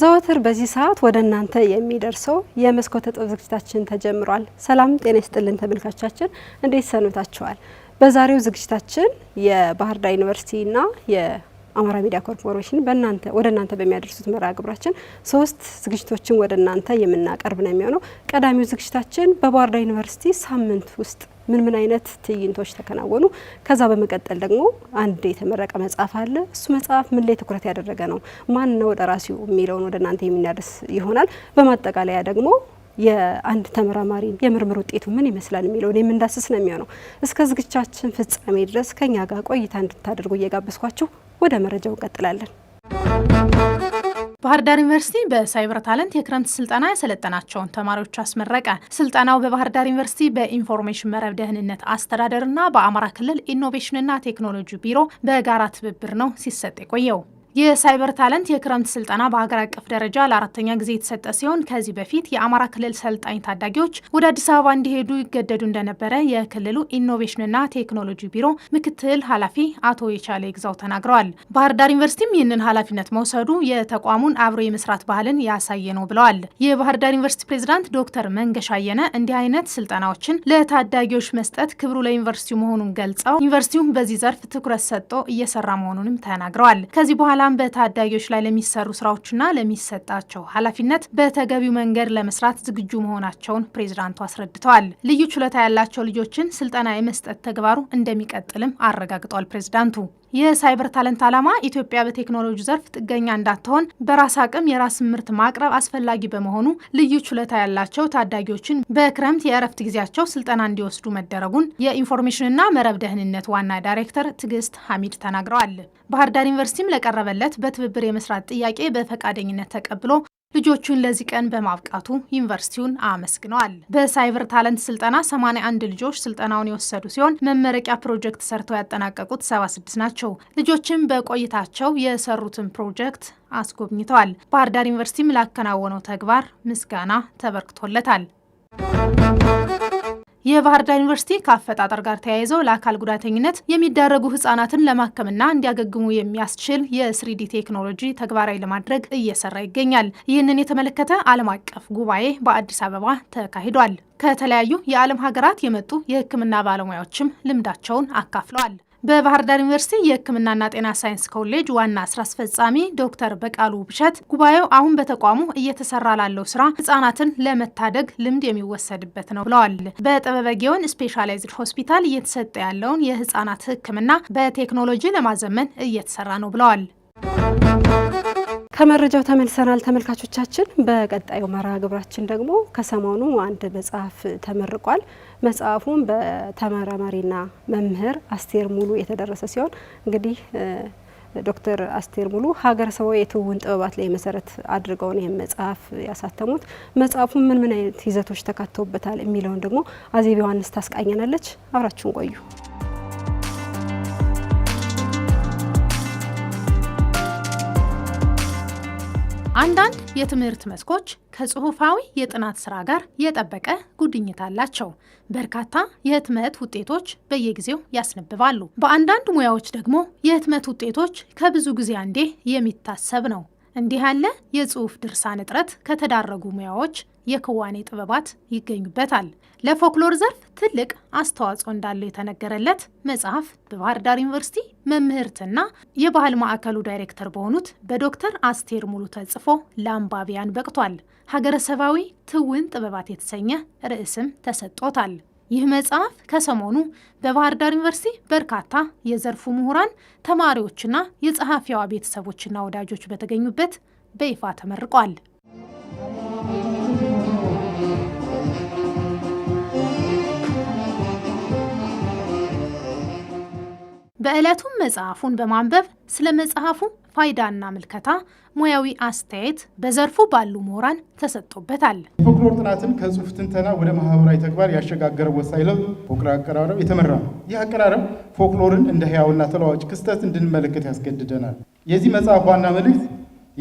ዘወትር በዚህ ሰዓት ወደ እናንተ የሚደርሰው የመስኮት እጥብ ዝግጅታችን ተጀምሯል። ሰላም ጤና ይስጥልን ተመልካቻችን፣ እንዴት ሰንብታችኋል? በዛሬው ዝግጅታችን የባህር ዳር ዩኒቨርሲቲና አማራ ሚዲያ ኮርፖሬሽን በእናንተ ወደ እናንተ በሚያደርሱት መርሃ ግብራችን ሶስት ዝግጅቶችን ወደ እናንተ የምናቀርብ ነው የሚሆነው። ቀዳሚው ዝግጅታችን በባህር ዳር ዩኒቨርሲቲ ሳምንት ውስጥ ምን ምን አይነት ትዕይንቶች ተከናወኑ፣ ከዛ በመቀጠል ደግሞ አንድ የተመረቀ መጽሐፍ አለ። እሱ መጽሐፍ ምን ላይ ትኩረት ያደረገ ነው፣ ማን ነው ደራሲው የሚለውን ወደ እናንተ የምናደርስ ይሆናል። በማጠቃለያ ደግሞ የአንድ ተመራማሪ የምርምር ውጤቱ ምን ይመስላል የሚለውን የምንዳስስ ነው የሚሆነው። እስከ ዝግጅታችን ፍጻሜ ድረስ ከኛ ጋር ቆይታ እንድታደርጉ እየጋበዝኳችሁ ወደ መረጃው እንቀጥላለን። ባህር ዳር ዩኒቨርሲቲ በሳይበር ታለንት የክረምት ስልጠና ያሰለጠናቸውን ተማሪዎች አስመረቀ። ስልጠናው በባህር ዳር ዩኒቨርሲቲ በኢንፎርሜሽን መረብ ደህንነት አስተዳደርና በአማራ ክልል ኢኖቬሽንና ቴክኖሎጂ ቢሮ በጋራ ትብብር ነው ሲሰጥ የቆየው። የሳይበር ታለንት የክረምት ስልጠና በሀገር አቀፍ ደረጃ ለአራተኛ ጊዜ የተሰጠ ሲሆን ከዚህ በፊት የአማራ ክልል ሰልጣኝ ታዳጊዎች ወደ አዲስ አበባ እንዲሄዱ ይገደዱ እንደነበረ የክልሉ ኢኖቬሽንና ቴክኖሎጂ ቢሮ ምክትል ኃላፊ አቶ የቻለ ይግዛው ተናግረዋል። ባህር ዳር ዩኒቨርሲቲም ይህንን ኃላፊነት መውሰዱ የተቋሙን አብሮ የመስራት ባህልን ያሳየ ነው ብለዋል። የባህር ዳር ዩኒቨርሲቲ ፕሬዚዳንት ዶክተር መንገሻ አየነ እንዲህ አይነት ስልጠናዎችን ለታዳጊዎች መስጠት ክብሩ ለዩኒቨርሲቲው መሆኑን ገልጸው ዩኒቨርሲቲውም በዚህ ዘርፍ ትኩረት ሰጥቶ እየሰራ መሆኑንም ተናግረዋል። ከዚህ በኋላ በኋላም በታዳጊዎች ላይ ለሚሰሩ ስራዎችና ለሚሰጣቸው ኃላፊነት በተገቢው መንገድ ለመስራት ዝግጁ መሆናቸውን ፕሬዝዳንቱ አስረድተዋል። ልዩ ችሎታ ያላቸው ልጆችን ስልጠና የመስጠት ተግባሩ እንደሚቀጥልም አረጋግጠዋል ፕሬዚዳንቱ የሳይበር ታለንት ዓላማ ኢትዮጵያ በቴክኖሎጂ ዘርፍ ጥገኛ እንዳትሆን በራስ አቅም የራስ ምርት ማቅረብ አስፈላጊ በመሆኑ ልዩ ችሎታ ያላቸው ታዳጊዎችን በክረምት የእረፍት ጊዜያቸው ስልጠና እንዲወስዱ መደረጉን የኢንፎርሜሽንና መረብ ደህንነት ዋና ዳይሬክተር ትዕግስት ሐሚድ ተናግረዋል። ባህር ዳር ዩኒቨርሲቲም ለቀረበለት በትብብር የመስራት ጥያቄ በፈቃደኝነት ተቀብሎ ልጆቹን ለዚህ ቀን በማብቃቱ ዩኒቨርሲቲውን አመስግነዋል። በሳይበር ታለንት ስልጠና 81 ልጆች ስልጠናውን የወሰዱ ሲሆን መመረቂያ ፕሮጀክት ሰርተው ያጠናቀቁት 76 ናቸው። ልጆችም በቆይታቸው የሰሩትን ፕሮጀክት አስጎብኝተዋል። ባህር ዳር ዩኒቨርሲቲም ላከናወነው ተግባር ምስጋና ተበርክቶለታል። የባህር ዳር ዩኒቨርሲቲ ከአፈጣጠር ጋር ተያይዘው ለአካል ጉዳተኝነት የሚዳረጉ ህጻናትን ለማከምና እንዲያገግሙ የሚያስችል የስሪዲ ቴክኖሎጂ ተግባራዊ ለማድረግ እየሰራ ይገኛል። ይህንን የተመለከተ ዓለም አቀፍ ጉባኤ በአዲስ አበባ ተካሂዷል። ከተለያዩ የዓለም ሀገራት የመጡ የህክምና ባለሙያዎችም ልምዳቸውን አካፍለዋል። በባህር ዳር ዩኒቨርሲቲ የሕክምናና ጤና ሳይንስ ኮሌጅ ዋና ስራ አስፈጻሚ ዶክተር በቃሉ ብሸት ጉባኤው አሁን በተቋሙ እየተሰራ ላለው ስራ ህጻናትን ለመታደግ ልምድ የሚወሰድበት ነው ብለዋል። በጥበበ ግዮን ስፔሻላይዝድ ሆስፒታል እየተሰጠ ያለውን የህጻናት ሕክምና በቴክኖሎጂ ለማዘመን እየተሰራ ነው ብለዋል። ከመረጃው ተመልሰናል ተመልካቾቻችን። በቀጣዩ መርሃ ግብራችን ደግሞ ከሰሞኑ አንድ መጽሐፍ ተመርቋል። መጽሐፉም በተመራማሪና መምህር አስቴር ሙሉ የተደረሰ ሲሆን እንግዲህ ዶክተር አስቴር ሙሉ ሀገረ ሰባዊ የትውን ጥበባት ላይ መሰረት አድርገው ነው ይህን መጽሐፍ ያሳተሙት። መጽሐፉ ምን ምን አይነት ይዘቶች ተካተውበታል የሚለውን ደግሞ አዜብ ዮሐንስ ታስቃኘናለች። አብራችሁን ቆዩ። አንዳንድ የትምህርት መስኮች ከጽሑፋዊ የጥናት ስራ ጋር የጠበቀ ጉድኝት አላቸው። በርካታ የህትመት ውጤቶች በየጊዜው ያስነብባሉ። በአንዳንድ ሙያዎች ደግሞ የህትመት ውጤቶች ከብዙ ጊዜ አንዴ የሚታሰብ ነው። እንዲህ ያለ የጽሑፍ ድርሳን እጥረት ከተዳረጉ ሙያዎች የክዋኔ ጥበባት ይገኙበታል። ለፎክሎር ዘርፍ ትልቅ አስተዋጽኦ እንዳለው የተነገረለት መጽሐፍ በባህር ዳር ዩኒቨርሲቲ መምህርትና የባህል ማዕከሉ ዳይሬክተር በሆኑት በዶክተር አስቴር ሙሉ ተጽፎ ለአንባቢያን በቅቷል። ሀገረሰባዊ ትውን ጥበባት የተሰኘ ርዕስም ተሰጥቶታል። ይህ መጽሐፍ ከሰሞኑ በባህር ዳር ዩኒቨርሲቲ በርካታ የዘርፉ ምሁራን፣ ተማሪዎችና የጸሐፊዋ ቤተሰቦችና ወዳጆች በተገኙበት በይፋ ተመርቋል። በዕለቱም መጽሐፉን በማንበብ ስለ መጽሐፉ ፋይዳና ምልከታ ሙያዊ አስተያየት በዘርፉ ባሉ ምሁራን ተሰጥቶበታል። የፎክሎር ጥናትን ከጽሁፍ ትንተና ወደ ማህበራዊ ተግባር ያሸጋገረ ወሳኝ ለውጥ ፎክሎር አቀራረብ የተመራ ነው። ይህ አቀራረብ ፎክሎርን እንደ ህያውና ተለዋጭ ክስተት እንድንመለከት ያስገድደናል። የዚህ መጽሐፍ ዋና መልእክት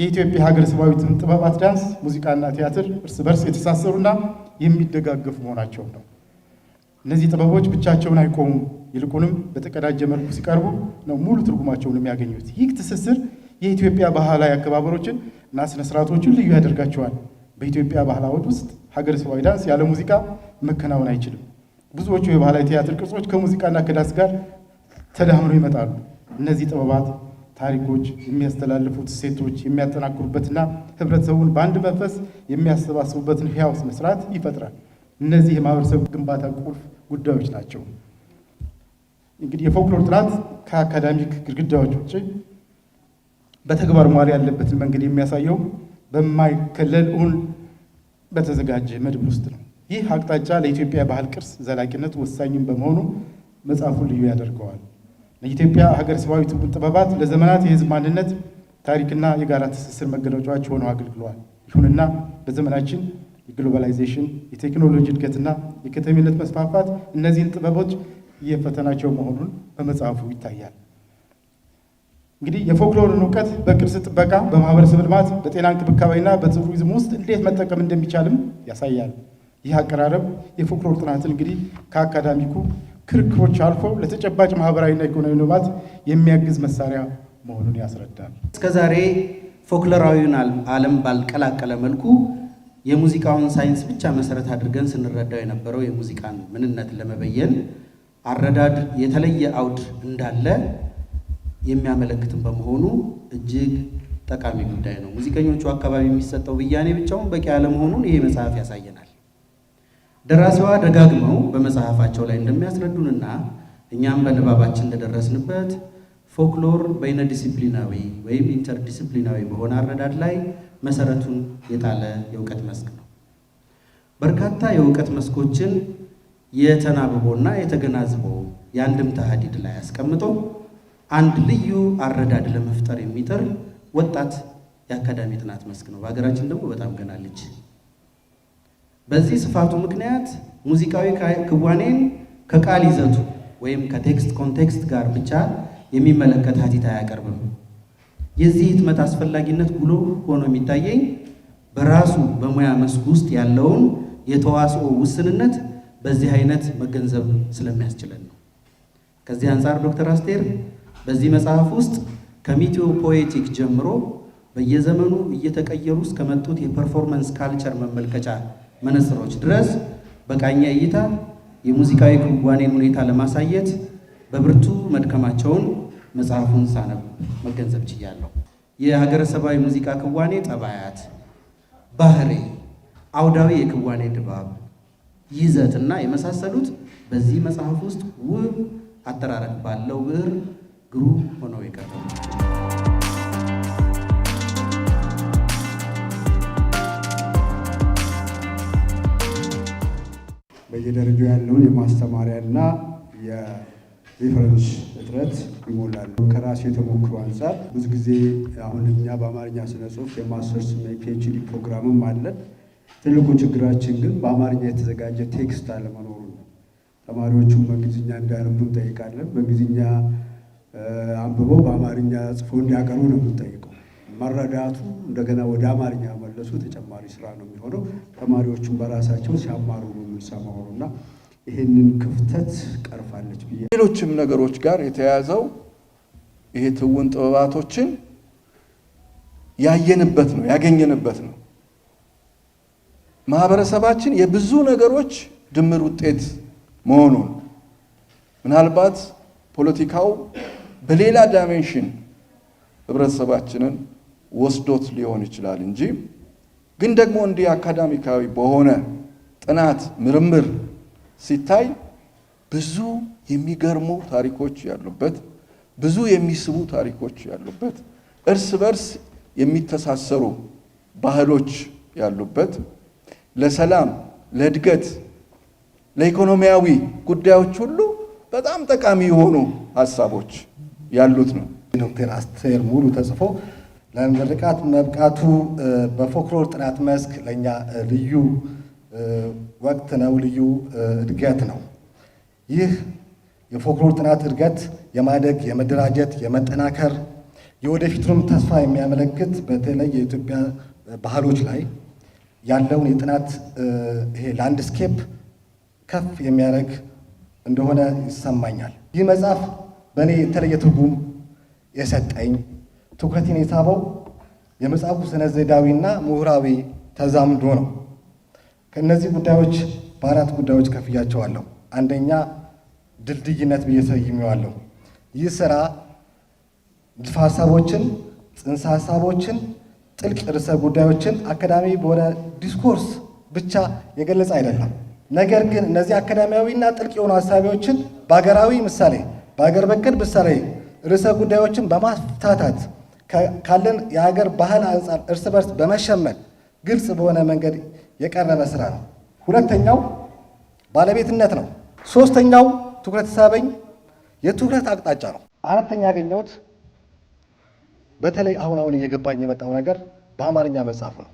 የኢትዮጵያ ሀገረ ሰባዊትን ጥበባት፣ ዳንስ፣ ሙዚቃና ቲያትር እርስ በርስ የተሳሰሩና የሚደጋገፉ መሆናቸው ነው። እነዚህ ጥበቦች ብቻቸውን አይቆሙም። ይልቁንም በተቀዳጀ መልኩ ሲቀርቡ ነው ሙሉ ትርጉማቸውን የሚያገኙት። ይህ ትስስር የኢትዮጵያ ባህላዊ አከባበሮችን እና ስነስርዓቶችን ልዩ ያደርጋቸዋል። በኢትዮጵያ ባህላዊ ውስጥ ሀገረ ሰባዊ ዳንስ ያለ ሙዚቃ መከናወን አይችልም። ብዙዎቹ የባህላዊ ቲያትር ቅርጾች ከሙዚቃና ከዳንስ ጋር ተዳምረው ይመጣሉ። እነዚህ ጥበባት ታሪኮች የሚያስተላልፉት እሴቶች የሚያጠናክሩበትና ህብረተሰቡን በአንድ መንፈስ የሚያሰባስቡበትን ህያው ስነስርዓት ይፈጥራል። እነዚህ የማህበረሰብ ግንባታ ቁልፍ ጉዳዮች ናቸው። እንግዲህ የፎክሎር ጥናት ከአካዳሚክ ግድግዳዎች ውጭ በተግባር መዋል ያለበትን መንገድ የሚያሳየው በማይከለል እውን በተዘጋጀ መድብ ውስጥ ነው። ይህ አቅጣጫ ለኢትዮጵያ ባህል ቅርስ ዘላቂነት ወሳኝም በመሆኑ መጽሐፉን ልዩ ያደርገዋል። ለኢትዮጵያ ሀገረ ሰብአዊ ጥበባት ለዘመናት የህዝብ ማንነት ታሪክና የጋራ ትስስር መገለጫዎች ሆነው አገልግለዋል። ይሁንና በዘመናችን የግሎባላይዜሽን፣ የቴክኖሎጂ እድገትና የከተሜነት መስፋፋት እነዚህን ጥበቦች የፈተናቸው መሆኑን በመጽሐፉ ይታያል። እንግዲህ የፎክሎርን እውቀት በቅርስ ጥበቃ፣ በማህበረሰብ ልማት፣ በጤና እንክብካቤና በቱሪዝም ውስጥ እንዴት መጠቀም እንደሚቻልም ያሳያል። ይህ አቀራረብ የፎክሎር ጥናትን እንግዲህ ከአካዳሚኩ ክርክሮች አልፎ ለተጨባጭ ማህበራዊና ኢኮኖሚ ልማት የሚያግዝ መሳሪያ መሆኑን ያስረዳል። እስከዛሬ ፎክሎራዊውን ዓለም ባልቀላቀለ መልኩ የሙዚቃውን ሳይንስ ብቻ መሰረት አድርገን ስንረዳው የነበረው የሙዚቃን ምንነት ለመበየን አረዳድ የተለየ አውድ እንዳለ የሚያመለክትም በመሆኑ እጅግ ጠቃሚ ጉዳይ ነው። ሙዚቀኞቹ አካባቢ የሚሰጠው ብያኔ ብቻውን በቂ አለመሆኑን ይሄ መጽሐፍ ያሳየናል። ደራሲዋ ደጋግመው በመጽሐፋቸው ላይ እንደሚያስረዱንና እኛም በንባባችን እንደደረስንበት ፎክሎር በይነ ዲሲፕሊናዊ ወይም ኢንተርዲሲፕሊናዊ በሆነ አረዳድ ላይ መሰረቱን የጣለ የእውቀት መስክ ነው። በርካታ የእውቀት መስኮችን የተናብቦና የተገናዝቦ የአንድምታ ሀዲድ ላይ አስቀምጦ አንድ ልዩ አረዳድ ለመፍጠር የሚጥር ወጣት የአካዳሚ ጥናት መስክ ነው። በሀገራችን ደግሞ በጣም ገናለች። በዚህ ስፋቱ ምክንያት ሙዚቃዊ ክዋኔን ከቃል ይዘቱ ወይም ከቴክስት ኮንቴክስት ጋር ብቻ የሚመለከት ሐቲት አያቀርብም። የዚህ ህትመት አስፈላጊነት ጉሎ ሆኖ የሚታየኝ በራሱ በሙያ መስክ ውስጥ ያለውን የተዋስኦ ውስንነት በዚህ አይነት መገንዘብ ስለሚያስችለን ነው። ከዚህ አንጻር ዶክተር አስቴር በዚህ መጽሐፍ ውስጥ ከሚቲዮ ፖኤቲክ ጀምሮ በየዘመኑ እየተቀየሩ እስከመጡት የፐርፎርማንስ ካልቸር መመልከቻ መነጽሮች ድረስ በቃኝ እይታ የሙዚቃዊ ክዋኔን ሁኔታ ለማሳየት በብርቱ መድከማቸውን መጽሐፉን ሳነብ መገንዘብ ችያለሁ። የሀገረ ሰባዊ ሙዚቃ ክዋኔ ጠባያት፣ ባህሬ፣ አውዳዊ የክዋኔ ድባብ ይዘት እና የመሳሰሉት በዚህ መጽሐፍ ውስጥ ውብ አጠራረቅ ባለው ብዕር ግሩም ሆነው የቀረቡ በየደረጃው ያለውን የማስተማሪያና የሪፈረንስ እጥረት ይሞላል። ከራሴ የተሞክሮ አንጻር ብዙ ጊዜ አሁን እኛ በአማርኛ ስነ ጽሁፍ የማስተርስ ፒኤችዲ ፕሮግራምም አለን ትልቁ ችግራችን ግን በአማርኛ የተዘጋጀ ቴክስት አለመኖሩ ነው። ተማሪዎቹም በእንግሊዝኛ እንዲያነቡ እንጠይቃለን። በእንግሊዝኛ አንብበው በአማርኛ ጽፎ እንዲያቀርቡ ነው የምንጠይቀው። መረዳቱ እንደገና ወደ አማርኛ መለሱ ተጨማሪ ስራ ነው የሚሆነው። ተማሪዎቹም በራሳቸው ሲያማሩ ነው የምንሰማው እና ይህንን ክፍተት ቀርፋለች ብዬ ሌሎችም ነገሮች ጋር የተያያዘው ይሄ ትውን ጥበባቶችን ያየንበት ነው ያገኘንበት ነው። ማህበረሰባችን የብዙ ነገሮች ድምር ውጤት መሆኑን ምናልባት ፖለቲካው በሌላ ዳይሜንሽን ህብረተሰባችንን ወስዶት ሊሆን ይችላል እንጂ ግን ደግሞ እንዲህ አካዳሚካዊ በሆነ ጥናት ምርምር ሲታይ ብዙ የሚገርሙ ታሪኮች ያሉበት ብዙ የሚስቡ ታሪኮች ያሉበት እርስ በርስ የሚተሳሰሩ ባህሎች ያሉበት ለሰላም፣ ለእድገት፣ ለኢኮኖሚያዊ ጉዳዮች ሁሉ በጣም ጠቃሚ የሆኑ ሀሳቦች ያሉት ነው። ዶክተር አስቴር ሙሉ ተጽፎ ለምርቃት መብቃቱ በፎክሎር ጥናት መስክ ለእኛ ልዩ ወቅት ነው፣ ልዩ እድገት ነው። ይህ የፎክሎር ጥናት እድገት የማደግ የመደራጀት፣ የመጠናከር የወደፊቱንም ተስፋ የሚያመለክት በተለይ የኢትዮጵያ ባህሎች ላይ ያለውን የጥናት ይሄ ላንድስኬፕ ከፍ የሚያደርግ እንደሆነ ይሰማኛል። ይህ መጽሐፍ በእኔ የተለየ ትርጉም የሰጠኝ ትኩረቴን የሳበው የመጽሐፉ ስነ ዘዴያዊና ምሁራዊ ተዛምዶ ነው። ከእነዚህ ጉዳዮች በአራት ጉዳዮች ከፍያቸዋለሁ። አንደኛ ድልድይነት ብዬ ሰይሜዋለሁ። ይህ ስራ ንድፈ ሀሳቦችን፣ ጽንሰ ሀሳቦችን ጥልቅ ርዕሰ ጉዳዮችን አካዳሚ በሆነ ዲስኮርስ ብቻ የገለጸ አይደለም። ነገር ግን እነዚህ አካዳሚያዊና ጥልቅ የሆኑ ሀሳቢዎችን በሀገራዊ ምሳሌ፣ በሀገር በቀል ምሳሌ ርዕሰ ጉዳዮችን በማፍታታት ካለን የሀገር ባህል አንጻር እርስ በርስ በመሸመል ግልጽ በሆነ መንገድ የቀረበ ስራ ነው። ሁለተኛው ባለቤትነት ነው። ሶስተኛው ትኩረት ሳበኝ የትኩረት አቅጣጫ ነው። አራተኛ ያገኘሁት በተለይ አሁን አሁን እየገባኝ የመጣው ነገር በአማርኛ መጽሐፍ ነው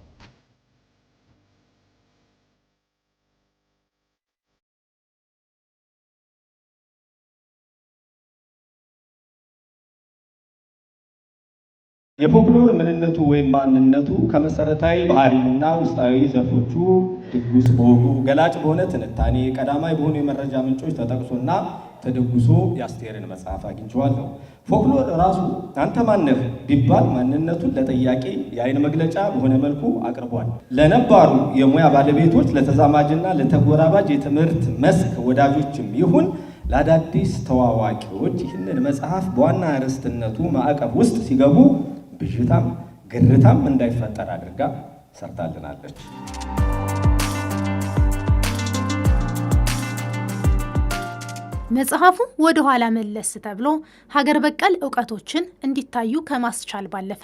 የፎክሎር ምንነቱ ወይም ማንነቱ ከመሰረታዊ ባህሪና ውስጣዊ ዘርፎቹ ድጉስ በሆኑ ገላጭ በሆነ ትንታኔ ቀዳማይ በሆኑ የመረጃ ምንጮች ተጠቅሶና ተደጉሶ የአስቴርን መጽሐፍ አግኝቸዋለሁ። ፎክሎር ራሱ አንተ ማነህ ቢባል ማንነቱን ለጥያቄ የአይን መግለጫ በሆነ መልኩ አቅርቧል። ለነባሩ የሙያ ባለቤቶች ለተዛማጅና ለተጎራባጅ የትምህርት መስክ ወዳጆችም ይሁን ለአዳዲስ ተዋዋቂዎች ይህንን መጽሐፍ በዋና አርዕስትነቱ ማዕቀፍ ውስጥ ሲገቡ ብዥታም ግርታም እንዳይፈጠር አድርጋ ሰርታልናለች። መጽሐፉ ወደ ኋላ መለስ ተብሎ ሀገር በቀል እውቀቶችን እንዲታዩ ከማስቻል ባለፈ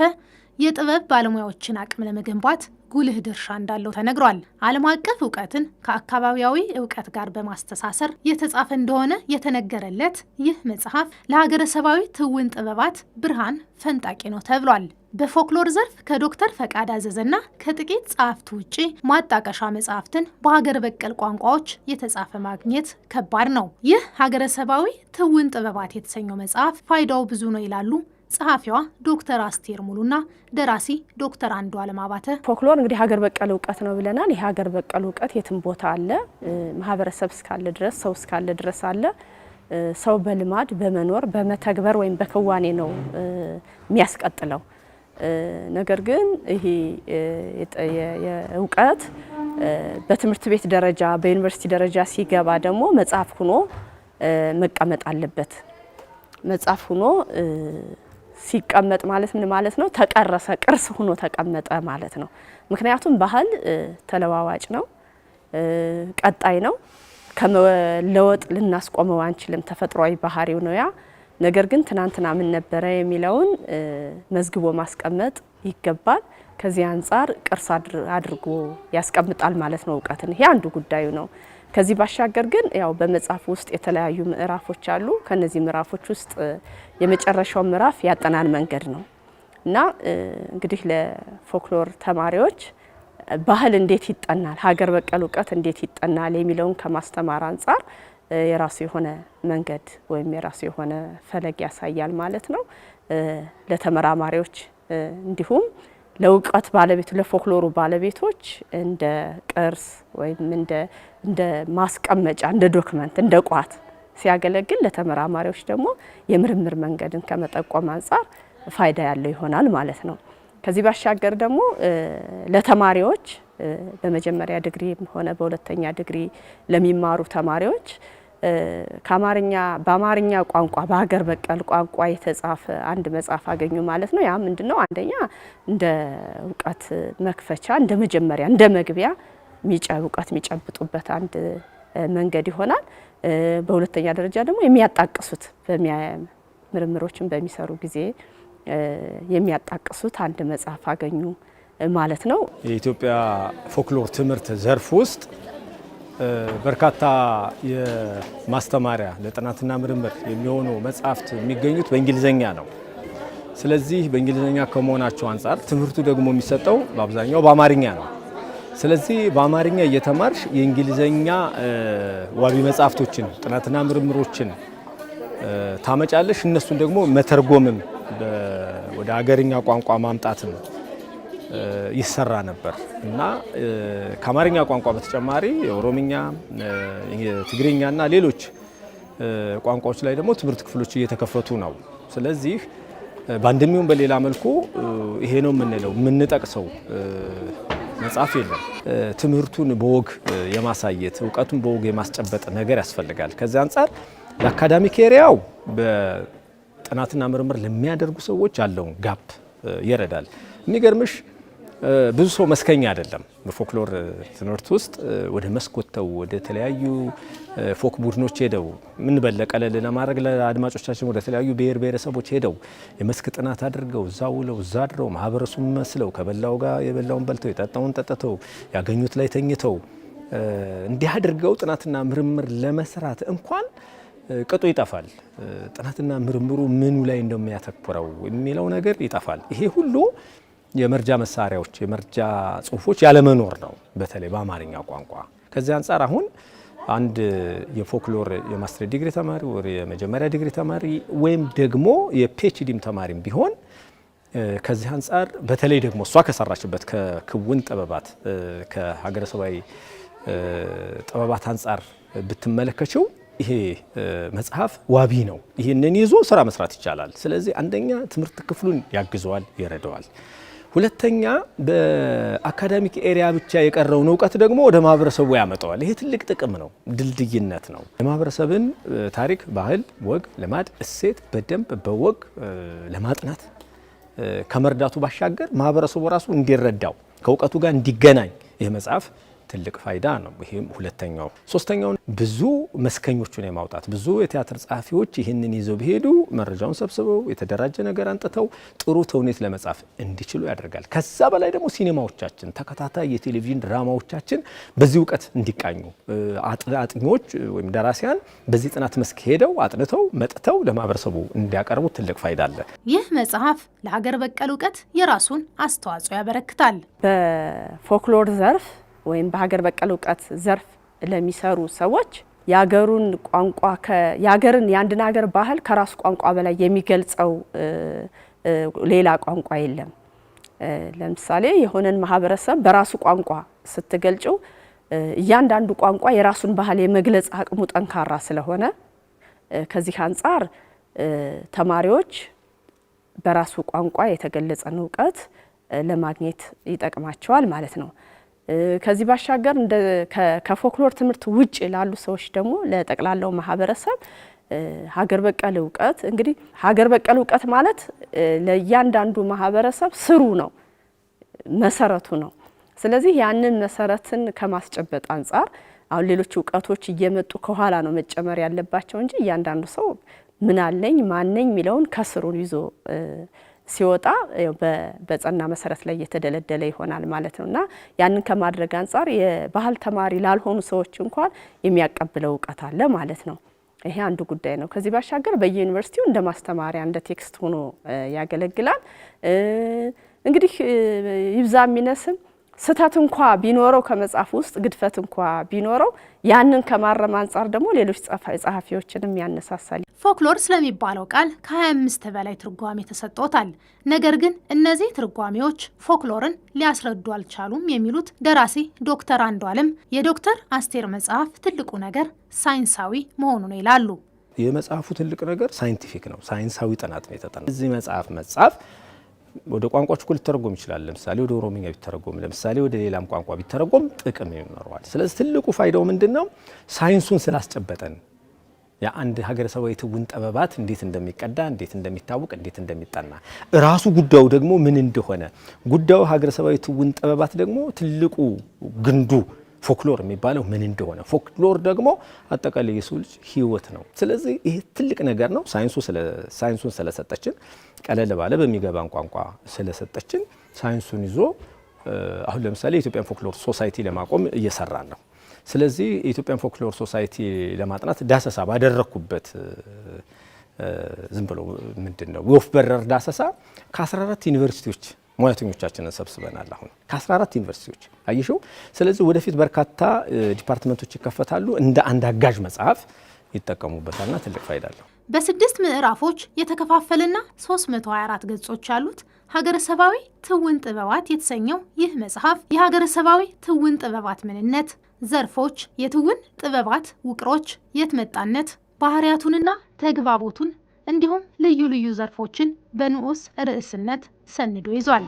የጥበብ ባለሙያዎችን አቅም ለመገንባት ጉልህ ድርሻ እንዳለው ተነግሯል። ዓለም አቀፍ እውቀትን ከአካባቢያዊ እውቀት ጋር በማስተሳሰር የተጻፈ እንደሆነ የተነገረለት ይህ መጽሐፍ ለሀገረ ሰባዊ ትውን ጥበባት ብርሃን ፈንጣቂ ነው ተብሏል። በፎክሎር ዘርፍ ከዶክተር ፈቃድ አዘዘና ከጥቂት ጸሐፍት ውጪ ማጣቀሻ መጽሐፍትን በሀገር በቀል ቋንቋዎች የተጻፈ ማግኘት ከባድ ነው። ይህ ሀገረ ሰባዊ ትውን ጥበባት የተሰኘው መጽሐፍ ፋይዳው ብዙ ነው ይላሉ ጸሐፊዋ ዶክተር አስቴር ሙሉና ደራሲ ዶክተር አንዱ አለም አባተ። ፎክሎር እንግዲህ ሀገር በቀል እውቀት ነው ብለናል። ይህ ሀገር በቀል እውቀት የትም ቦታ አለ፣ ማህበረሰብ እስካለ ድረስ ሰው እስካለ ድረስ አለ። ሰው በልማድ በመኖር በመተግበር ወይም በክዋኔ ነው የሚያስቀጥለው። ነገር ግን ይሄ እውቀት በትምህርት ቤት ደረጃ በዩኒቨርሲቲ ደረጃ ሲገባ ደግሞ መጽሐፍ ሆኖ መቀመጥ አለበት። መጽሐፍ ሆኖ ሲቀመጥ ማለት ምን ማለት ነው? ተቀረሰ፣ ቅርስ ሆኖ ተቀመጠ ማለት ነው። ምክንያቱም ባህል ተለዋዋጭ ነው፣ ቀጣይ ነው። ከመለወጥ ልናስቆመው አንችልም። ተፈጥሯዊ ባህሪው ነው ያ። ነገር ግን ትናንትና ምን ነበረ የሚለውን መዝግቦ ማስቀመጥ ይገባል። ከዚህ አንጻር ቅርስ አድርጎ ያስቀምጣል ማለት ነው እውቀትን። ይሄ አንዱ ጉዳዩ ነው። ከዚህ ባሻገር ግን ያው በመጽሐፍ ውስጥ የተለያዩ ምዕራፎች አሉ። ከነዚህ ምዕራፎች ውስጥ የመጨረሻው ምዕራፍ ያጠናን መንገድ ነው እና እንግዲህ ለፎክሎር ተማሪዎች ባህል እንዴት ይጠናል፣ ሀገር በቀል እውቀት እንዴት ይጠናል የሚለውን ከማስተማር አንጻር የራሱ የሆነ መንገድ ወይም የራሱ የሆነ ፈለግ ያሳያል ማለት ነው ለተመራማሪዎች እንዲሁም ለእውቀት ባለቤቱ ለፎክሎሩ ባለቤቶች እንደ ቅርስ ወይም እንደ ማስቀመጫ እንደ ዶክመንት እንደ ቋት ሲያገለግል ለተመራማሪዎች ደግሞ የምርምር መንገድን ከመጠቆም አንጻር ፋይዳ ያለው ይሆናል ማለት ነው። ከዚህ ባሻገር ደግሞ ለተማሪዎች በመጀመሪያ ዲግሪም ሆነ በሁለተኛ ዲግሪ ለሚማሩ ተማሪዎች ከአማርኛ በአማርኛ ቋንቋ በሀገር በቀል ቋንቋ የተጻፈ አንድ መጽሐፍ አገኙ ማለት ነው። ያ ምንድን ነው? አንደኛ እንደ እውቀት መክፈቻ እንደ መጀመሪያ እንደ መግቢያ እውቀት የሚጨብጡበት አንድ መንገድ ይሆናል። በሁለተኛ ደረጃ ደግሞ የሚያጣቅሱት ምርምሮችን በሚሰሩ ጊዜ የሚያጣቅሱት አንድ መጽሐፍ አገኙ ማለት ነው። የኢትዮጵያ ፎክሎር ትምህርት ዘርፍ ውስጥ በርካታ የማስተማሪያ ለጥናትና ምርምር የሚሆኑ መጽሐፍት የሚገኙት በእንግሊዝኛ ነው። ስለዚህ በእንግሊዝኛ ከመሆናቸው አንጻር ትምህርቱ ደግሞ የሚሰጠው በአብዛኛው በአማርኛ ነው። ስለዚህ በአማርኛ እየተማርሽ የእንግሊዝኛ ዋቢ መጽሐፍቶችን ጥናትና ምርምሮችን ታመጫለሽ። እነሱን ደግሞ መተርጎምም ወደ ሀገርኛ ቋንቋ ማምጣትም ይሰራ ነበር እና ከአማርኛ ቋንቋ በተጨማሪ የኦሮምኛ፣ የትግርኛና ሌሎች ቋንቋዎች ላይ ደግሞ ትምህርት ክፍሎች እየተከፈቱ ነው። ስለዚህ በአንድም በሌላ መልኩ ይሄ ነው የምንለው የምንጠቅሰው መጽሐፍ የለም። ትምህርቱን በወግ የማሳየት እውቀቱን በወግ የማስጨበጥ ነገር ያስፈልጋል። ከዚህ አንጻር የአካዳሚክ ኤሪያው በጥናትና ምርምር ለሚያደርጉ ሰዎች ያለውን ጋፕ ይረዳል። የሚገርምሽ ብዙ ሰው መስከኛ አይደለም። በፎክሎር ትምህርት ውስጥ ወደ መስክ ወደ ተለያዩ ፎክ ቡድኖች ሄደው ምን በለቀለል ለማድረግ ለአድማጮቻችን ወደ ተለያዩ ብሔር ብሔረሰቦች ሄደው የመስክ ጥናት አድርገው እዛ ውለው እዛ አድረው ማህበረሰቡ መስለው ከበላው ጋር የበላውን በልተው የጠጣውን ጠጥተው ያገኙት ላይ ተኝተው እንዲህ አድርገው ጥናትና ምርምር ለመስራት እንኳን ቅጡ ይጠፋል። ጥናትና ምርምሩ ምኑ ላይ እንደሚያተኩረው የሚለው ነገር ይጠፋል። ይሄ ሁሉ የመርጃ መሳሪያዎች የመርጃ ጽሁፎች ያለመኖር ነው፣ በተለይ በአማርኛ ቋንቋ። ከዚህ አንጻር አሁን አንድ የፎክሎር የማስተር ዲግሪ ተማሪ ወይ የመጀመሪያ ዲግሪ ተማሪ ወይም ደግሞ የፒኤችዲም ተማሪም ቢሆን ከዚህ አንጻር በተለይ ደግሞ እሷ ከሰራችበት ከክውን ጥበባት ከሀገረሰባዊ ጥበባት አንጻር ብትመለከችው ይሄ መጽሐፍ ዋቢ ነው። ይህንን ይዞ ስራ መስራት ይቻላል። ስለዚህ አንደኛ ትምህርት ክፍሉን ያግዘዋል፣ ይረደዋል ሁለተኛ በአካዳሚክ ኤሪያ ብቻ የቀረውን እውቀት ደግሞ ወደ ማህበረሰቡ ያመጣዋል። ይሄ ትልቅ ጥቅም ነው፣ ድልድይነት ነው። የማህበረሰብን ታሪክ፣ ባህል፣ ወግ፣ ልማድ፣ እሴት በደንብ በወግ ለማጥናት ከመርዳቱ ባሻገር ማህበረሰቡ ራሱ እንዲረዳው ከእውቀቱ ጋር እንዲገናኝ ይህ መጽሐፍ ትልቅ ፋይዳ ነው። ይህም ሁለተኛው። ሶስተኛው ብዙ መስከኞቹን የማውጣት ብዙ የቲያትር ጸሐፊዎች ይህንን ይዘው ቢሄዱ መረጃውን ሰብስበው የተደራጀ ነገር አንጥተው ጥሩ ተውኔት ለመጻፍ እንዲችሉ ያደርጋል። ከዛ በላይ ደግሞ ሲኔማዎቻችን፣ ተከታታይ የቴሌቪዥን ድራማዎቻችን በዚህ እውቀት እንዲቃኙ አጥኚዎች ወይም ደራሲያን በዚህ ጥናት መስክ ሄደው አጥንተው መጥተው ለማህበረሰቡ እንዲያቀርቡ ትልቅ ፋይዳ አለ። ይህ መጽሐፍ ለሀገር በቀል እውቀት የራሱን አስተዋጽኦ ያበረክታል። በፎክሎር ዘርፍ ወይም በሀገር በቀል እውቀት ዘርፍ ለሚሰሩ ሰዎች የሀገሩን ቋንቋ የሀገርን የአንድን ሀገር ባህል ከራሱ ቋንቋ በላይ የሚገልጸው ሌላ ቋንቋ የለም። ለምሳሌ የሆነን ማህበረሰብ በራሱ ቋንቋ ስትገልጭው እያንዳንዱ ቋንቋ የራሱን ባህል የመግለጽ አቅሙ ጠንካራ ስለሆነ ከዚህ አንጻር ተማሪዎች በራሱ ቋንቋ የተገለጸን እውቀት ለማግኘት ይጠቅማቸዋል ማለት ነው። ከዚህ ባሻገር ከፎክሎር ትምህርት ውጭ ላሉ ሰዎች ደግሞ ለጠቅላላው ማህበረሰብ ሀገር በቀል እውቀት እንግዲህ ሀገር በቀል እውቀት ማለት ለእያንዳንዱ ማህበረሰብ ስሩ ነው፣ መሰረቱ ነው። ስለዚህ ያንን መሰረትን ከማስጨበጥ አንጻር አሁን ሌሎች እውቀቶች እየመጡ ከኋላ ነው መጨመር ያለባቸው እንጂ እያንዳንዱ ሰው ምን አለኝ ማነኝ የሚለውን ከስሩን ይዞ ሲወጣ በጸና መሰረት ላይ እየተደለደለ ይሆናል ማለት ነው እና ያንን ከማድረግ አንጻር የባህል ተማሪ ላልሆኑ ሰዎች እንኳን የሚያቀብለው እውቀት አለ ማለት ነው። ይሄ አንዱ ጉዳይ ነው። ከዚህ ባሻገር በየዩኒቨርሲቲው እንደ ማስተማሪያ እንደ ቴክስት ሆኖ ያገለግላል። እንግዲህ ይብዛ የሚነስም ስህተት እንኳ ቢኖረው ከመጽሐፍ ውስጥ ግድፈት እንኳ ቢኖረው ያንን ከማረም አንጻር ደግሞ ሌሎች ጸሐፊዎችንም ያነሳሳል። ፎክሎር ስለሚባለው ቃል ከ25 በላይ ትርጓሜ ተሰጥቶታል። ነገር ግን እነዚህ ትርጓሜዎች ፎክሎርን ሊያስረዱ አልቻሉም የሚሉት ደራሲ ዶክተር አንዷለም የዶክተር አስቴር መጽሐፍ ትልቁ ነገር ሳይንሳዊ መሆኑ ነው ይላሉ። የመጽሐፉ ትልቅ ነገር ሳይንቲፊክ ነው፣ ሳይንሳዊ ጥናት ነው የተጠና እዚህ መጽሐፍ መጻፍ ወደ ቋንቋዎች እኮ ሊተረጎም ይችላል። ለምሳሌ ወደ ኦሮምኛ ቢተረጎም፣ ለምሳሌ ወደ ሌላም ቋንቋ ቢተረጎም ጥቅም ይኖረዋል። ስለዚህ ትልቁ ፋይዳው ምንድን ነው? ሳይንሱን ስላስጨበጠን የአንድ ሀገረሰብ የትውን ጥበባት እንዴት እንደሚቀዳ እንዴት እንደሚታወቅ እንዴት እንደሚጠና ራሱ ጉዳዩ ደግሞ ምን እንደሆነ ጉዳዩ ሀገረሰባዊ ትውን ጥበባት ደግሞ ትልቁ ግንዱ ፎክሎር የሚባለው ምን እንደሆነ ፎክሎር ደግሞ አጠቃላይ የሰው ልጅ ህይወት ነው። ስለዚህ ይህ ትልቅ ነገር ነው። ሳይንሱን ስለሰጠችን ቀለል ባለ በሚገባን ቋንቋ ስለሰጠችን ሳይንሱን ይዞ አሁን ለምሳሌ የኢትዮጵያን ፎክሎር ሶሳይቲ ለማቆም እየሰራን ነው። ስለዚህ የኢትዮጵያን ፎክሎር ሶሳይቲ ለማጥናት ዳሰሳ ባደረግኩበት ዝም ብሎ ምንድን ነው የወፍ በረር ዳሰሳ ከ14 ዩኒቨርሲቲዎች ሙያተኞቻችንን ሰብስበናል። አሁን ከ14 ዩኒቨርሲቲዎች አየሽው። ስለዚህ ወደፊት በርካታ ዲፓርትመንቶች ይከፈታሉ። እንደ አንድ አጋዥ መጽሐፍ ይጠቀሙበታልና ትልቅ ፋይዳ አለው። በስድስት ምዕራፎች የተከፋፈለና 324 ገጾች ያሉት ሀገረሰባዊ ትውን ጥበባት የተሰኘው ይህ መጽሐፍ ሰባዊ ትውን ጥበባት ምንነት፣ ዘርፎች፣ የትውን ጥበባት ውቅሮች፣ የትመጣነት ባህሪያቱንና ተግባቦቱን እንዲሁም ልዩ ልዩ ዘርፎችን በንዑስ ርዕስነት ሰንዶ ይዟል።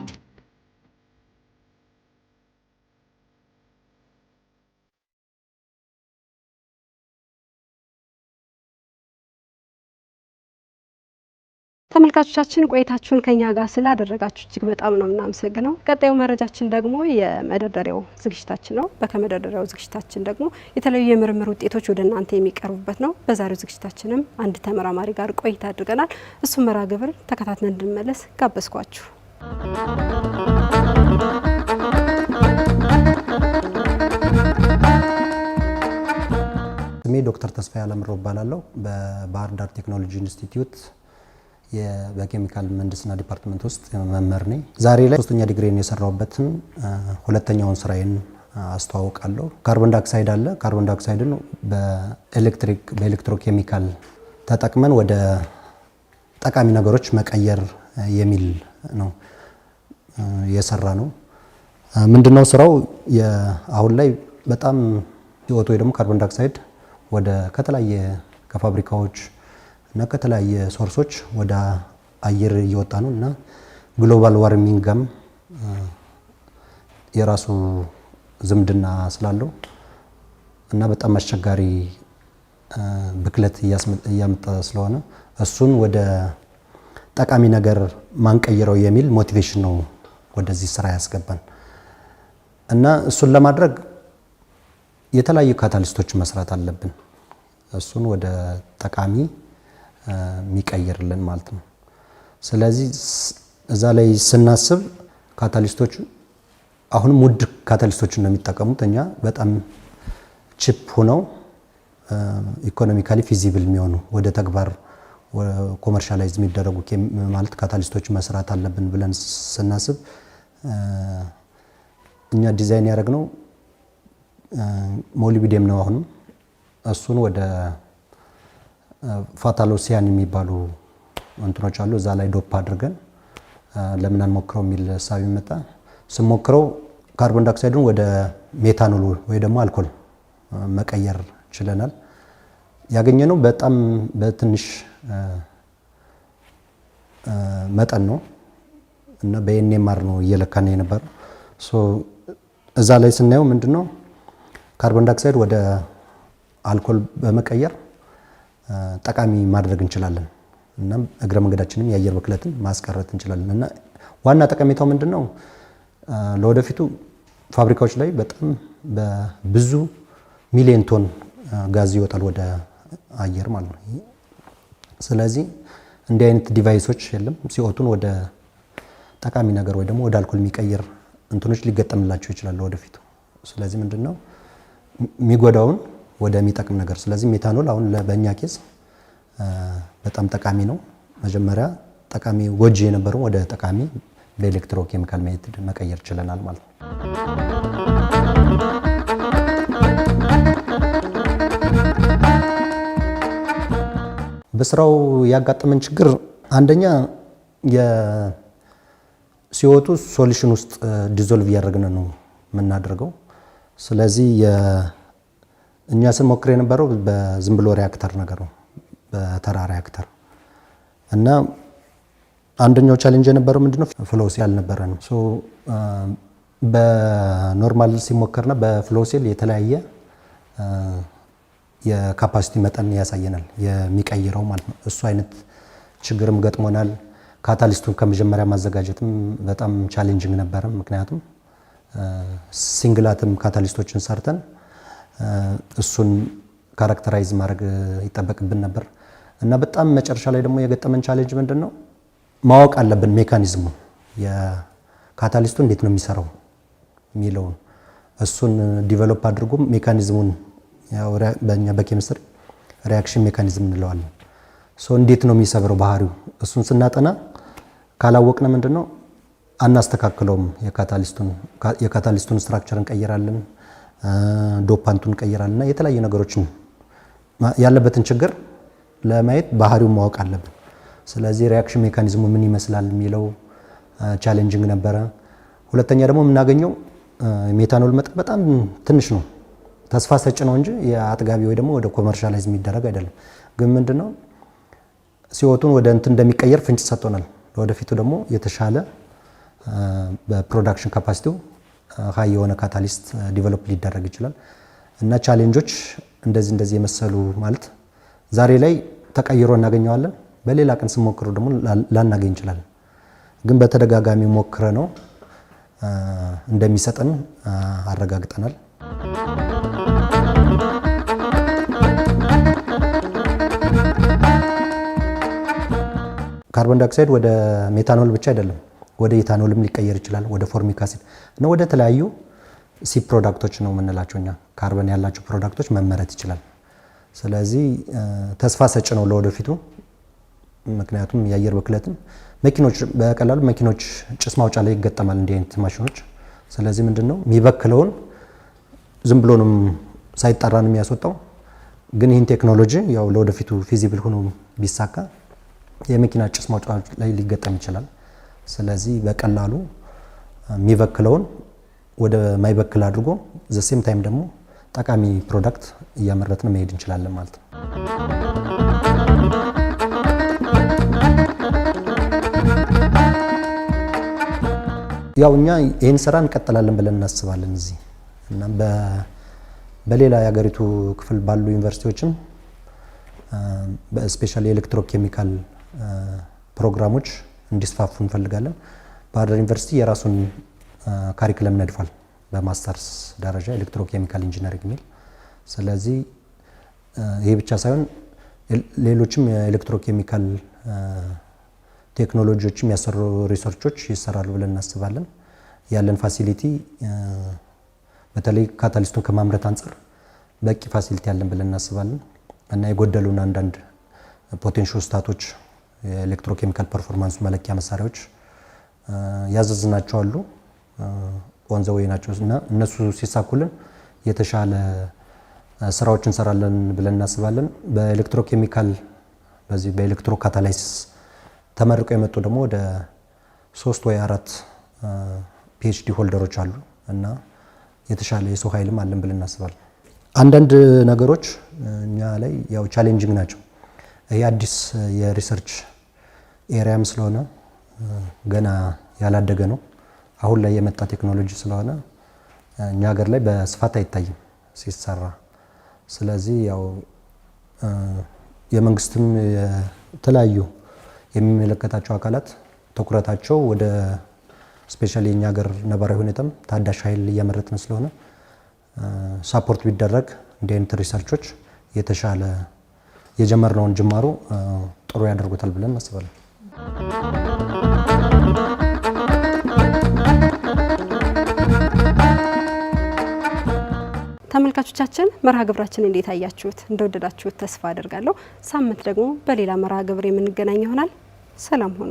ተመልካቾቻችን ቆይታችሁን ከኛ ጋር ስላደረጋችሁ እጅግ በጣም ነው የምናመሰግነው። ቀጣዩ መረጃችን ደግሞ የመደርደሪያው ዝግጅታችን ነው። ከመደርደሪያው ዝግጅታችን ደግሞ የተለያዩ የምርምር ውጤቶች ወደ እናንተ የሚቀርቡበት ነው። በዛሬው ዝግጅታችንም አንድ ተመራማሪ ጋር ቆይታ አድርገናል። እሱ መርሃ ግብር ተከታትለን እንድንመለስ ጋበዝኳችሁ። ስሜ ዶክተር ተስፋዬ አለምሮ እባላለሁ። በባህር ዳር ቴክኖሎጂ ኢንስቲትዩት በኬሚካል ምህንድስና ዲፓርትመንት ውስጥ መምህር ነኝ። ዛሬ ላይ ሶስተኛ ዲግሪን የሰራሁበትን ሁለተኛውን ስራዬን አስተዋውቃለሁ። ካርቦን ዳይኦክሳይድ አለ። ካርቦን ዳይኦክሳይድን በኤሌክትሪክ በኤሌክትሮኬሚካል ተጠቅመን ወደ ጠቃሚ ነገሮች መቀየር የሚል ነው የሰራ ነው። ምንድነው ስራው? አሁን ላይ በጣም ሲወጡ ወይ ደግሞ ካርቦን ዳይኦክሳይድ ወደ ከተለያየ ከፋብሪካዎች እና ከተለያየ ሶርሶች ወደ አየር እየወጣ ነው እና ግሎባል ዋርሚንግም የራሱ ዝምድና ስላለው እና በጣም አስቸጋሪ ብክለት እያመጣ ስለሆነ እሱን ወደ ጠቃሚ ነገር ማንቀይረው የሚል ሞቲቬሽን ነው ወደዚህ ስራ ያስገባን እና እሱን ለማድረግ የተለያዩ ካታሊስቶች መስራት አለብን። እሱን ወደ ጠቃሚ የሚቀይርልን ማለት ነው። ስለዚህ እዛ ላይ ስናስብ ካታሊስቶቹ አሁንም ውድ ካታሊስቶቹ ነው የሚጠቀሙት። እኛ በጣም ቺፕ ሆነው ኢኮኖሚካሊ ፊዚብል የሚሆኑ ወደ ተግባር ኮመርሻላይዝ የሚደረጉ ማለት ካታሊስቶች መስራት አለብን ብለን ስናስብ እኛ ዲዛይን ያደረግነው ሞሊቢዴም ነው። አሁንም እሱን ወደ ፋታሎሲያን የሚባሉ እንትኖች አሉ። እዛ ላይ ዶፕ አድርገን ለምን አንሞክረው የሚል ሳቢ መጣ። ስሞክረው ካርቦን ዳይኦክሳይዱን ወደ ሜታኖል ወይ ደግሞ አልኮል መቀየር ችለናል። ያገኘነው በጣም በትንሽ መጠን ነው እና በኤንኤምአር ነው እየለካን የነበረ። እዛ ላይ ስናየው ምንድን ነው ካርቦን ዳይኦክሳይድ ወደ አልኮል በመቀየር ጠቃሚ ማድረግ እንችላለን። እናም እግረ መንገዳችንም የአየር ብክለትን ማስቀረት እንችላለን እና ዋና ጠቀሜታው ምንድን ነው? ለወደፊቱ ፋብሪካዎች ላይ በጣም በብዙ ሚሊዮን ቶን ጋዝ ይወጣል ወደ አየር ማለት ነው። ስለዚህ እንዲህ አይነት ዲቫይሶች የለም ሲኦቱን ወደ ጠቃሚ ነገር ወይ ደግሞ ወደ አልኮል የሚቀይር እንትኖች ሊገጠምላቸው ይችላል ወደፊቱ። ስለዚህ ምንድን ነው የሚጎዳውን ወደሚጠቅም ነገር። ስለዚህ ሜታኖል አሁን በእኛ ኬዝ በጣም ጠቃሚ ነው። መጀመሪያ ጠቃሚ ጎጂ የነበረው ወደ ጠቃሚ በኤሌክትሮ ኬሚካል ሜትድ መቀየር ችለናል ማለት ነው። በስራው ያጋጠመን ችግር አንደኛ ሲወጡ ሶሉሽን ውስጥ ዲዞልቭ እያደረግን ነው የምናደርገው። ስለዚህ እኛ ስንሞክር የነበረው በዝም ብሎ ሪያክተር ነገር ነው፣ በተራ ሪያክተር እና አንደኛው ቻሌንጅ የነበረው ምንድነው ፍሎሴል ነው። በኖርማል ሲሞከርና በፍሎሴል የተለያየ የካፓሲቲ መጠን ያሳየናል፣ የሚቀይረው ማለት ነው። እሱ አይነት ችግርም ገጥሞናል። ካታሊስቱን ከመጀመሪያ ማዘጋጀትም በጣም ቻሌንጅንግ ነበረ። ምክንያቱም ሲንግላትም ካታሊስቶችን ሰርተን እሱን ካራክተራይዝ ማድረግ ይጠበቅብን ነበር እና በጣም መጨረሻ ላይ ደግሞ የገጠመን ቻሌንጅ ምንድን ነው፣ ማወቅ አለብን ሜካኒዝሙ የካታሊስቱ እንዴት ነው የሚሰራው የሚለውን እሱን ዲቨሎፕ አድርጎ ሜካኒዝሙን በእኛ በኬሚስትሪ ሪያክሽን ሜካኒዝም እንለዋለን። እንዴት ነው የሚሰብረው ባህሪው? እሱን ስናጠና ካላወቅነ ምንድን ነው አናስተካክለውም። የካታሊስቱን ስትራክቸር እንቀይራለን ዶፓንቱን ቀይራል እና የተለያዩ ነገሮችን ያለበትን ችግር ለማየት ባህሪውን ማወቅ አለብን። ስለዚህ ሪያክሽን ሜካኒዝሙ ምን ይመስላል የሚለው ቻሌንጅንግ ነበረ። ሁለተኛ ደግሞ የምናገኘው ሜታኖል መጠን በጣም ትንሽ ነው፣ ተስፋ ሰጭ ነው እንጂ የአጥጋቢ ወይ ደግሞ ወደ ኮመርሻላይዝ የሚደረግ አይደለም። ግን ምንድነው ሲወቱን ወደ እንትን እንደሚቀየር ፍንጭ ሰጥቶናል። ለወደፊቱ ደግሞ የተሻለ በፕሮዳክሽን ካፓሲቲው ሀይ የሆነ ካታሊስት ዲቨሎፕ ሊደረግ ይችላል እና ቻሌንጆች እንደዚህ እንደዚህ የመሰሉ ማለት ዛሬ ላይ ተቀይሮ እናገኘዋለን። በሌላ ቀን ስሞክሩ ደግሞ ላናገኝ እንችላለን። ግን በተደጋጋሚ ሞክረ ነው እንደሚሰጠን አረጋግጠናል። ካርቦን ዳይኦክሳይድ ወደ ሜታኖል ብቻ አይደለም ወደ ኢታኖልም ሊቀየር ይችላል። ወደ ፎርሚክ አሲድ እና ወደ ተለያዩ ሲ ፕሮዳክቶች ነው የምንላቸው እኛ ካርበን ያላቸው ፕሮዳክቶች መመረት ይችላል። ስለዚህ ተስፋ ሰጭ ነው ለወደፊቱ። ምክንያቱም የአየር ብክለትም መኪኖች በቀላሉ መኪኖች ጭስ ማውጫ ላይ ይገጠማል እንዲህ አይነት ማሽኖች። ስለዚህ ምንድን ነው የሚበክለውን ዝም ብሎንም ሳይጠራን የሚያስወጣው ግን ይህን ቴክኖሎጂ ያው ለወደፊቱ ፊዚብል ሆኖ ቢሳካ የመኪና ጭስ ማውጫ ላይ ሊገጠም ይችላል። ስለዚህ በቀላሉ የሚበክለውን ወደ ማይበክል አድርጎ ዘሴም ታይም ደግሞ ጠቃሚ ፕሮዳክት እያመረትን መሄድ እንችላለን ማለት ነው። ያው እኛ ይህን ስራ እንቀጥላለን ብለን እናስባለን እዚህ እና በሌላ የሀገሪቱ ክፍል ባሉ ዩኒቨርሲቲዎችም በስፔሻል የኤሌክትሮኬሚካል ፕሮግራሞች እንዲስፋፉ እንፈልጋለን። ባህር ዳር ዩኒቨርሲቲ የራሱን ካሪክለም ነድፏል በማስተርስ ደረጃ ኤሌክትሮኬሚካል ኢንጂነሪንግ የሚል። ስለዚህ ይሄ ብቻ ሳይሆን ሌሎችም የኤሌክትሮኬሚካል ቴክኖሎጂዎች የሚያሰሩ ሪሰርቾች ይሰራሉ ብለን እናስባለን። ያለን ፋሲሊቲ በተለይ ካታሊስቱን ከማምረት አንጻር በቂ ፋሲሊቲ ያለን ብለን እናስባለን እና የጎደሉን አንዳንድ ፖቴንሽል ስታቶች የኤሌክትሮኬሚካል ፐርፎርማንስ መለኪያ መሳሪያዎች ያዘዝናቸው አሉ። ወይ ናቸው እና እነሱ ሲሳኩልን የተሻለ ስራዎች እንሰራለን ብለን እናስባለን። በኤሌክትሮኬሚካል በዚህ በኤሌክትሮ ካታላይሲስ ተመርቀው የመጡ ደግሞ ወደ ሶስት ወይ አራት ፒኤችዲ ሆልደሮች አሉ እና የተሻለ የሰው ኃይልም አለን ብለን እናስባለን። አንዳንድ ነገሮች እኛ ላይ ያው ቻሌንጂንግ ናቸው። ይህ አዲስ የሪሰርች ኤሪያም ስለሆነ ገና ያላደገ ነው። አሁን ላይ የመጣ ቴክኖሎጂ ስለሆነ እኛ ሀገር ላይ በስፋት አይታይም ሲሰራ። ስለዚህ ያው የመንግስትም የተለያዩ የሚመለከታቸው አካላት ትኩረታቸው ወደ ስፔሻሊ የእኛ ሀገር ነባራዊ ሁኔታም ታዳሽ ኃይል እያመረትን ስለሆነ ሳፖርት ቢደረግ እንዲህ አይነት ሪሰርቾች የተሻለ የጀመርነውን ጅማሮ ጥሩ ያደርጉታል ብለን እናስባለን። ተመልካቾቻችን መርሃ ግብራችን እንዴት አያችሁት? እንደወደዳችሁት ተስፋ አደርጋለሁ። ሳምንት ደግሞ በሌላ መርሃ ግብር የምንገናኝ ይሆናል። ሰላም ሆኑ።